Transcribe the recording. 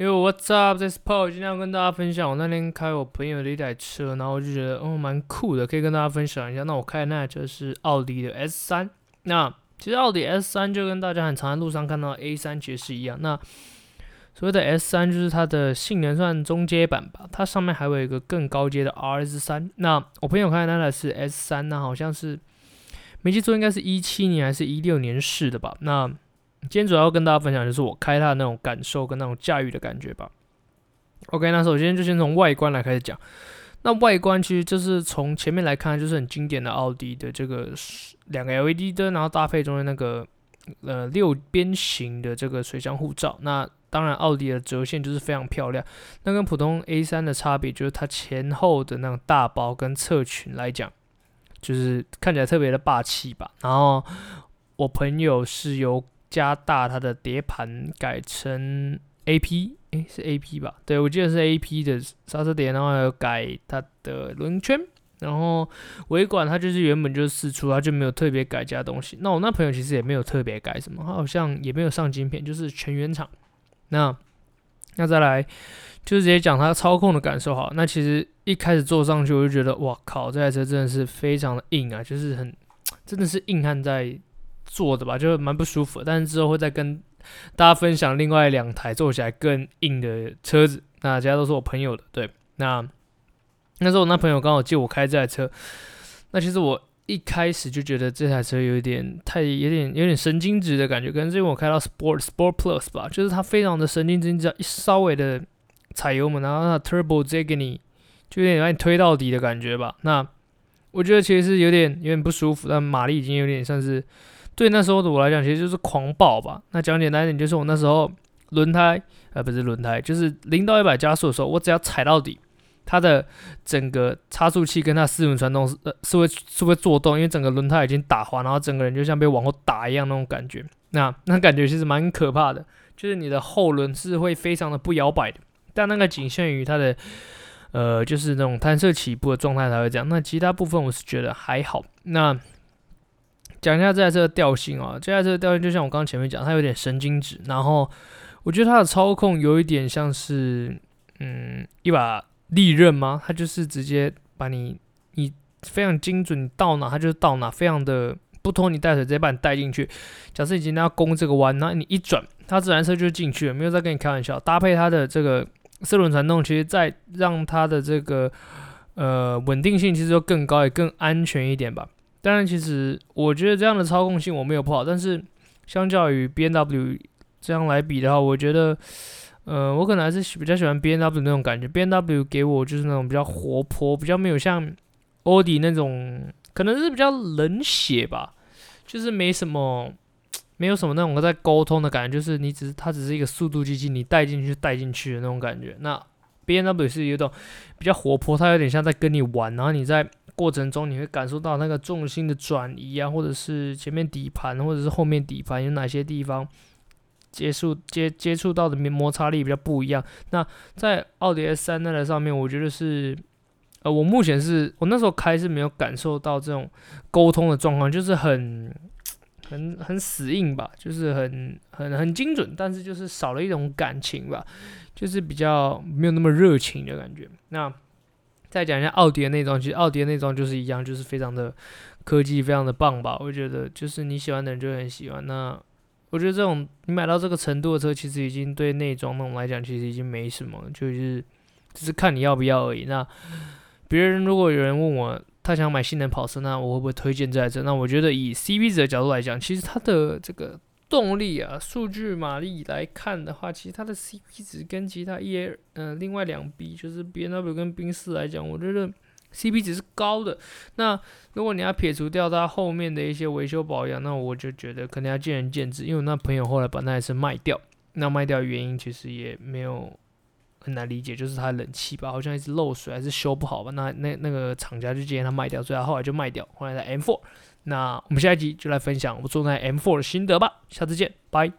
Yo, What's up, this is Paul。今天要跟大家分享，我那天開我朋友的一台車，然後我就覺得哦，蠻酷的，可以跟大家分享一下。那我開的那台車是奧迪的 S 三。那其實奧迪 S 三就跟大家很常在路上看到的 A 三其實是一樣。那所謂的 S 三就是它的性能算中階版吧，它上面還有一個更高階的 RS 三。那我朋友開的那台是 S 三，那好像是沒記錯，應該是一七年還是一六年試的吧？那今天主要跟大家分享，就是我開它的那種感受跟那種駕馭的感覺吧。OK，那首先就先從外觀來開始講。那外觀其實就是從前面來看，就是很經典的奧迪的這個兩個 LED 燈，然後搭配中間那個呃六邊形的這個水箱護罩。那當然，奧迪的折線就是非常漂亮。那跟普通 A3 的差別就是它前後的那種大包跟側裙來講，就是看起來特別的霸氣吧。然後我朋友是有。加大它的碟盤改成 AP，哎、欸、是 AP 吧？對，我記得是 AP 的剎車碟，然後還有改它的輪圈，然後尾管它就是原本就是四出，它就沒有特別改加東西。那我那朋友其實也沒有特別改什麼，他好像也沒有上晶片，就是全原廠。那那再來就是直接講它操控的感受好，那其實一開始坐上去我就覺得哇靠，這台車真的是非常的硬啊，就是很真的是硬漢在坐的吧，就是蠻不舒服。但是之後會再跟大家分享另外兩台坐起來更硬的車子。那其他都是我朋友的，對。那那時候我那朋友剛好借我開這台車。那其實我一開始就覺得這台車有點太，有點有點神經質的感覺。可能是因為我開到 Sport Sport Plus 吧，就是它非常的神經質，只要一稍微的踩油門，然後那 Turbo Z 給你就有點把你推到底的感覺吧。那我覺得其實是有點有點不舒服，但馬力已經有點像是。對那時候的我來講，其實就是狂暴吧。那講簡單一點，就是我那時候輪胎啊、呃，不是輪胎，就是零到一百加速的時候，我只要踩到底，它的整個差速器跟它四輪傳動是、呃、是會是會作動，因為整個輪胎已經打滑，然後整個人就像被往後打一樣那種感覺。那那感覺其實蠻可怕的，就是你的後輪是會非常的不搖擺的，但那個僅限於它的呃，就是那種彈射起步的狀態才會這樣。那其他部分我是覺得還好。那。講一下這台車的調性啊，這台車的調性就像我剛前面講，它有點神經質，然後我覺得它的操控有一點像是，嗯，一把利刃嗎？它就是直接把你，你非常精準到哪，它就到哪，非常的不拖泥帶水，直接把你帶進去。假設你今天要攻這個彎，那你一轉，它這台車就進去了，沒有在跟你開玩笑。搭配它的這個四輪傳動，其實再讓它的這個呃穩定性其實就更高，也更安全一點吧。但是其實我覺得這樣的操控性，我沒有不好，但是相較於 BMW 這樣來比的話，我覺得，呃，我可能還是比較喜歡 BMW 那種感覺。BMW 給我就是那種比較活潑，比較沒有像奧迪那種，可能是比較冷血吧，就是沒什麼，沒有什麼那種在溝通的感覺，就是你只是，它只是一個速度機器，你帶進去帶進去的那種感覺。那 BMW 是有一種比較活潑，它有點像在跟你玩，然後你在。過程中你會感受到那個重心的轉移啊，或者是前面底盤，或者是後面底盤有哪些地方接觸接接觸到的摩擦力比較不一樣。那在奧迪 S3 那台上面，我覺得、就是，呃，我目前是我那時候開是沒有感受到這種溝通的狀況，就是很很很死硬吧，就是很很很精準，但是就是少了一種感情吧，就是比較沒有那麼熱情的感覺。那。再講一下奧迪的內裝，其實奧迪的內裝就是一樣，就是非常的科技，非常的棒吧？我覺得就是你喜歡的人就很喜歡。那我覺得這種你買到這個程度的車，其實已經對內裝那種來講，其實已經沒什麼，就是只是看你要不要而已。那別人如果有人問我，他想買性能跑車，那我會不會推薦這台車？那我覺得以 CP 值的角度來講，其實它的這個。動力啊，數據馬力來看的話，其實它的 CP 值跟其他 EA，嗯、呃，另外兩 B 就是 BMW 跟賓士來講，我覺得 CP 值是高的。那如果你要撇除掉它後面的一些維修保養，那我就覺得可能要見仁見智。因為我那朋友後來把那台車賣掉，那賣掉原因其實也沒有很難理解，就是它的冷氣吧，好像一直漏水還是修不好吧。那那那個廠家就建議他賣掉，所以他後來就賣掉，換來了 M4。那我們下一集就來分享我坐那 M4 的心得吧。下次見，Bye。